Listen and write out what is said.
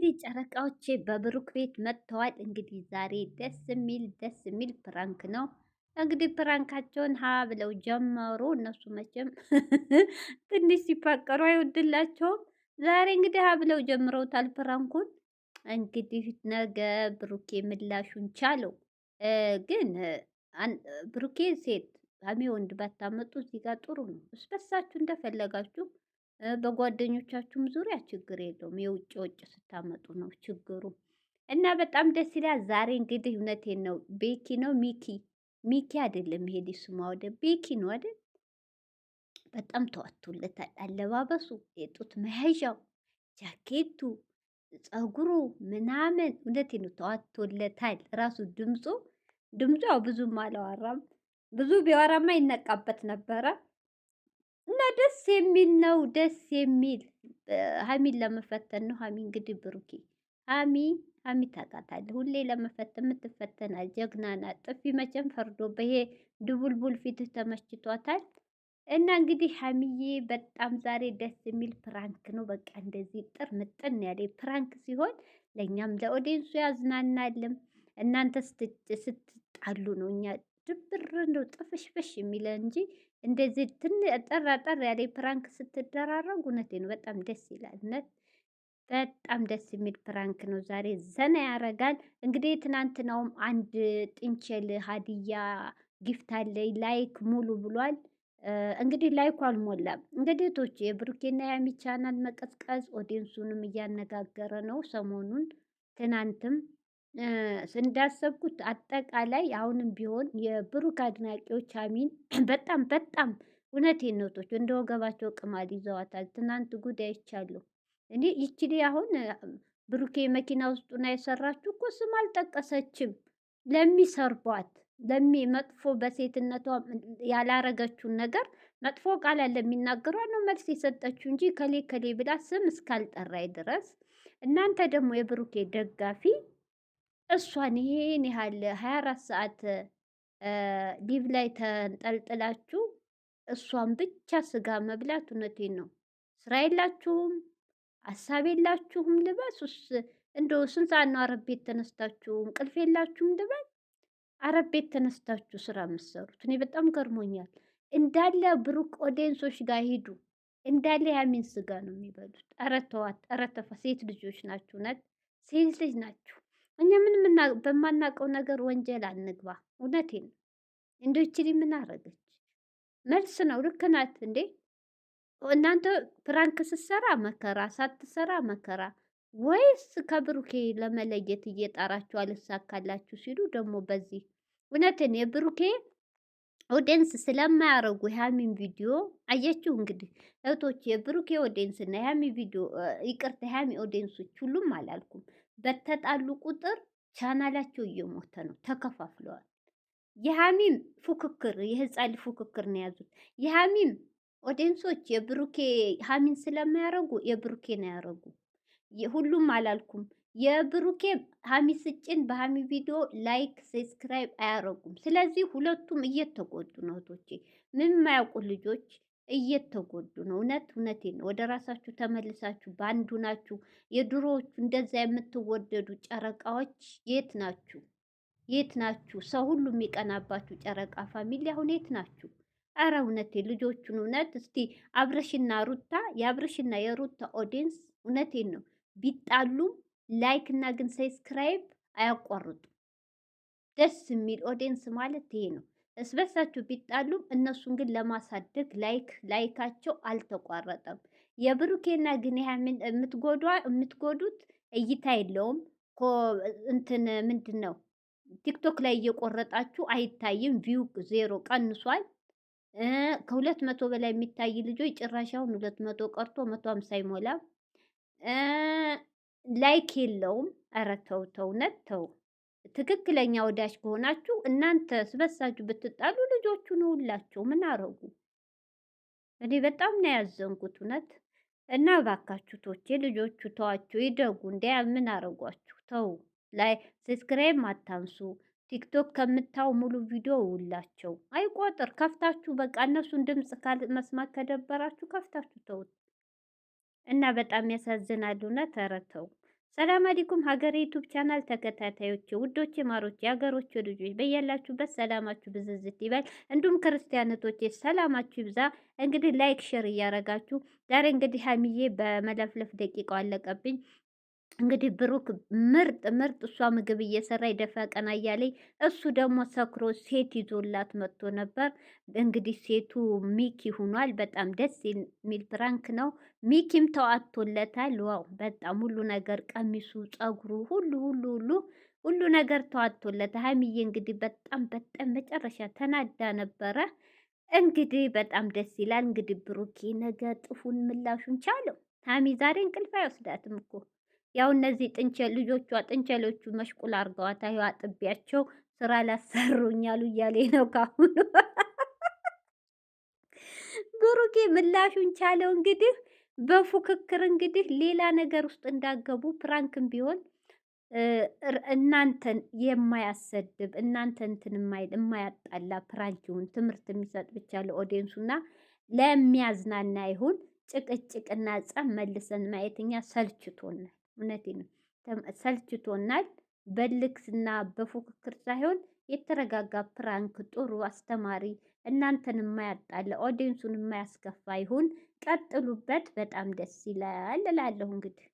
እንግዲህ ጨረቃዎች በብሩክ ቤት መጥተዋል። እንግዲህ ዛሬ ደስ የሚል ደስ የሚል ፕራንክ ነው። እንግዲህ ፕራንካቸውን ሀ ብለው ጀመሩ። እነሱ መቼም ትንሽ ሲፋቀሩ አይወድላቸውም። ዛሬ እንግዲህ ሀ ብለው ጀምረውታል ፕራንኩን። እንግዲህ ነገ ብሩኬ ምላሹን ቻለው። ግን ብሩኬ ሴት ሀሜ ወንድ ባታመጡ እዚህ ጋር ጥሩ ነው። እስበሳችሁ እንደፈለጋችሁ በጓደኞቻችሁም ዙሪያ ችግር የለውም። የውጭ ውጭ ስታመጡ ነው ችግሩ እና በጣም ደስ ይላል። ዛሬ እንግዲህ እውነቴን ነው ቤኪ ነው ሚኪ ሚኪ አይደለም ይሄ ስማ ወደ ቤኪ ነው አይደል? በጣም ተዋቶለታል። አለባበሱ፣ የጡት መያዣው፣ ጃኬቱ፣ ፀጉሩ ምናምን እውነቴን ነው ተዋቶለታል። ራሱ ድምፁ ድምፁ ያው ብዙም አላወራም። ብዙ ቢያወራማ ይነቃበት ነበረ። እና ደስ የሚል ነው። ደስ የሚል ሀሚን ለመፈተን ነው። ሀሚ እንግዲህ ብሩኪ ሀሚ ሀሚ ታውቃታለህ፣ ሁሌ ለመፈተን የምትፈተና ጀግና ናት። ጥፊ መቼም ፈርዶ በይሄ ድቡልቡል ፊትህ ተመችቷታል። እና እንግዲህ ሀሚዬ በጣም ዛሬ ደስ የሚል ፕራንክ ነው። በቃ እንደዚህ ጥር ምጥን ያለ ፕራንክ ሲሆን ለእኛም ለኦዲንሱ ያዝናናልም። እናንተ ስትጣሉ ነው እኛ ድብር ነው ጥፍሽፍሽ የሚለን እንጂ እንደዚህ ትን ጠራ ጠር ያለ ፕራንክ ስትደራረጉ እውነቴን ነው በጣም ደስ ይላል። በጣም ደስ የሚል ፕራንክ ነው። ዛሬ ዘና ያረጋል። እንግዲህ ትናንትናውም አንድ ጥንቸል ሀዲያ ጊፍት አለ ላይክ ሙሉ ብሏል። እንግዲህ ላይኩ አልሞላም። እንግዲህ ቶች የብሩኬና ያሚ መቀዝቀዝ ኦዲንሱንም እያነጋገረ ነው ሰሞኑን ትናንትም እንዳሰብኩት አጠቃላይ አሁንም ቢሆን የብሩክ አድናቂዎች አሚን በጣም በጣም እውነቴን ነው እንደ ወገባቸው ቅማል ይዘዋታል። ትናንት ጉዳይ አይቻለሁ እኔ ይችሌ አሁን ብሩኬ መኪና ና የሰራችሁ እኮ ስም አልጠቀሰችም። ለሚሰርቧት ለሚ መጥፎ በሴትነቷ ያላረገችውን ነገር መጥፎ ቃል ለሚናገሯ ነው መልስ የሰጠችው እንጂ ከሌ ከሌ ብላ ስም እስካልጠራይ ድረስ እናንተ ደግሞ የብሩኬ ደጋፊ እሷን ይሄን ያህል ሀያ አራት ሰዓት ሊቭ ላይ ተንጠልጥላችሁ እሷን ብቻ ስጋ መብላት እውነቴን ነው። ስራ የላችሁም፣ ሀሳብ የላችሁም። ልበስ ስ እንደው ስንት ሰዓት ነው አረብ ቤት ተነስታችሁ? እንቅልፍ የላችሁም ልበል? አረብ ቤት ተነስታችሁ ስራ የምትሰሩት እኔ በጣም ገርሞኛል። እንዳለ ብሩክ ኦዴንሶች ጋር ሂዱ እንዳለ ያሚን ስጋ ነው የሚበሉት። ኧረ ተዋት፣ ኧረ ተፋ። ሴት ልጆች ናችሁ፣ ነት ሴት ልጅ ናችሁ። እኛ ምን በማናውቀው ነገር ወንጀል አንግባ። እውነቴን ነው። እንደው ልጅ ምን አረገች? መልስ ነው። ልክ ናት እንዴ? እናንተ ፕራንክ ስትሰራ መከራ፣ ሳትሰራ መከራ። ወይስ ከብሩኬ ለመለየት እየጣራችሁ አልሳካላችሁ ሲሉ ደግሞ በዚህ እውነትን የብሩኬ ኦዲየንስ ስለማያረጉ የሃሚን ቪዲዮ አያችሁ። እንግዲህ እህቶች የብሩኬ ኦዲየንስ እና የሃሚ ቪዲዮ ይቅርታ፣ የሃሚ ኦዲየንሶች ሁሉም አላልኩም በተጣሉ ቁጥር ቻናላቸው እየሞተ ነው፣ ተከፋፍለዋል። የሀሚም ፉክክር የህፃን ፉክክር ነው የያዙት። የሀሚም ኦዲንሶች የብሩኬ ሀሚን ስለማያረጉ የብሩኬ ነው ያረጉ። ሁሉም አላልኩም። የብሩኬ ሀሚ ስጭን በሀሚ ቪዲዮ ላይክ ሰብስክራይብ አያረጉም። ስለዚህ ሁለቱም እየተጎዱ ነው። ቶቼ ምን ማያውቁ ልጆች እየተጎዱ ነው። እውነት እውነቴ ነው። ወደ ራሳችሁ ተመልሳችሁ በአንዱ ናችሁ። የድሮዎቹ እንደዛ የምትወደዱ ጨረቃዎች የት ናችሁ? የት ናችሁ? ሰው ሁሉ የሚቀናባችሁ ጨረቃ ፋሚሊ አሁን የት ናችሁ? አረ እውነቴ ልጆቹን እውነት እስቲ አብረሽና ሩታ የአብረሽና የሩታ ኦዲንስ እውነቴን ነው ቢጣሉም ላይክ እና ግን ሰብስክራይብ አያቋርጡም። ደስ የሚል ኦዲንስ ማለት ይሄ ነው። እስበሳችሁ ቢጣሉም እነሱን ግን ለማሳደግ ላይክ ላይካቸው አልተቋረጠም። የብሩኬና ግን የምትጎዱት እይታ የለውም። እንትን ምንድን ነው ቲክቶክ ላይ እየቆረጣችሁ አይታይም። ቪው ዜሮ ቀንሷል። ከሁለት መቶ በላይ የሚታይ ልጆች ጭራሻውን አሁን ሁለት መቶ ቀርቶ መቶ ሀምሳ አይሞላም። ላይክ የለውም። ኧረ ተው ተው ተው ትክክለኛ ወዳጅ ከሆናችሁ እናንተ ስበሳችሁ ብትጣሉ ነው ሁላችሁ ምን አረጉ? እኔ በጣም ነው ያዘንኩት እውነት። እና እባካችሁ ቶቼ ልጆቹ ተዋቸው ይደጉ። እንዲያ ምን አረጓችሁ? ተው ላይ ሰብስክራይብ አታንሱ። ቲክቶክ ከምታው ሙሉ ቪዲዮ ውላቸው አይቆጥር ከፍታችሁ በቃ እነሱን ድምፅ መስማት ከደበራችሁ ከፍታችሁ ተውት እና በጣም ያሳዝናል እውነት ኧረ ተው። ሰላም አለይኩም ሀገሬ ዩቱብ ቻናል ተከታታዮች ውዶች ማሮች የሀገሮች ልጆች በያላችሁበት ሰላማችሁ ብዝዝት ይበል። እንዲሁም ክርስቲያኖቶች ሰላማችሁ ይብዛ። እንግዲህ ላይክ ሼር እያረጋችሁ ዛሬ እንግዲህ ሀሚዬ በመለፍለፍ ደቂቃው አለቀብኝ እንግዲህ ብሩክ ምርጥ ምርጥ እሷ ምግብ እየሰራ ይደፋ ቀና እያለኝ እሱ ደግሞ ሰክሮ ሴት ይዞላት መጥቶ ነበር። እንግዲህ ሴቱ ሚኪ ሆኗል። በጣም ደስ የሚል ፕራንክ ነው። ሚኪም ተዋቶለታል። ዋው በጣም ሁሉ ነገር ቀሚሱ፣ ጸጉሩ፣ ሁሉ ሁሉ ሁሉ ሁሉ ነገር ተዋቶለታል። ሀይሚዬ እንግዲህ በጣም በጣም መጨረሻ ተናዳ ነበረ። እንግዲህ በጣም ደስ ይላል። እንግዲህ ብሩኬ ነገ ጥፉን ምላሹን ቻለው። ሀሚ ዛሬ እንቅልፍ አይወስዳትም እኮ ያው እነዚህ ጥንቸ ልጆቿ ጥንቸሎቹ መሽቁል አድርገዋታ ይኸው አጥቢያቸው ስራ ላሰሩኛሉ እያሌ ነው ካሁኑ ብሩኬ ምላሹን ቻለው። እንግዲህ በፉክክር እንግዲህ ሌላ ነገር ውስጥ እንዳገቡ ፕራንክም ቢሆን እናንተን የማያሰድብ እናንተን እንትን የማያጣላ ፕራንክ ይሁን፣ ትምህርት የሚሰጥ ብቻ ለኦዲየንሱና ለሚያዝናና ይሁን። ጭቅጭቅና ጸብ መልሰን ማየትኛ ሰልችቶናል። እውነቴ ነው። ሰልችቶናል። በልክስና በፉክክር ሳይሆን የተረጋጋ ፕራንክ ጥሩ አስተማሪ፣ እናንተን የማያጣለ ኦዲየንሱን የማያስከፋ ይሁን። ቀጥሉበት፣ በጣም ደስ ይላል እላለሁ እንግዲህ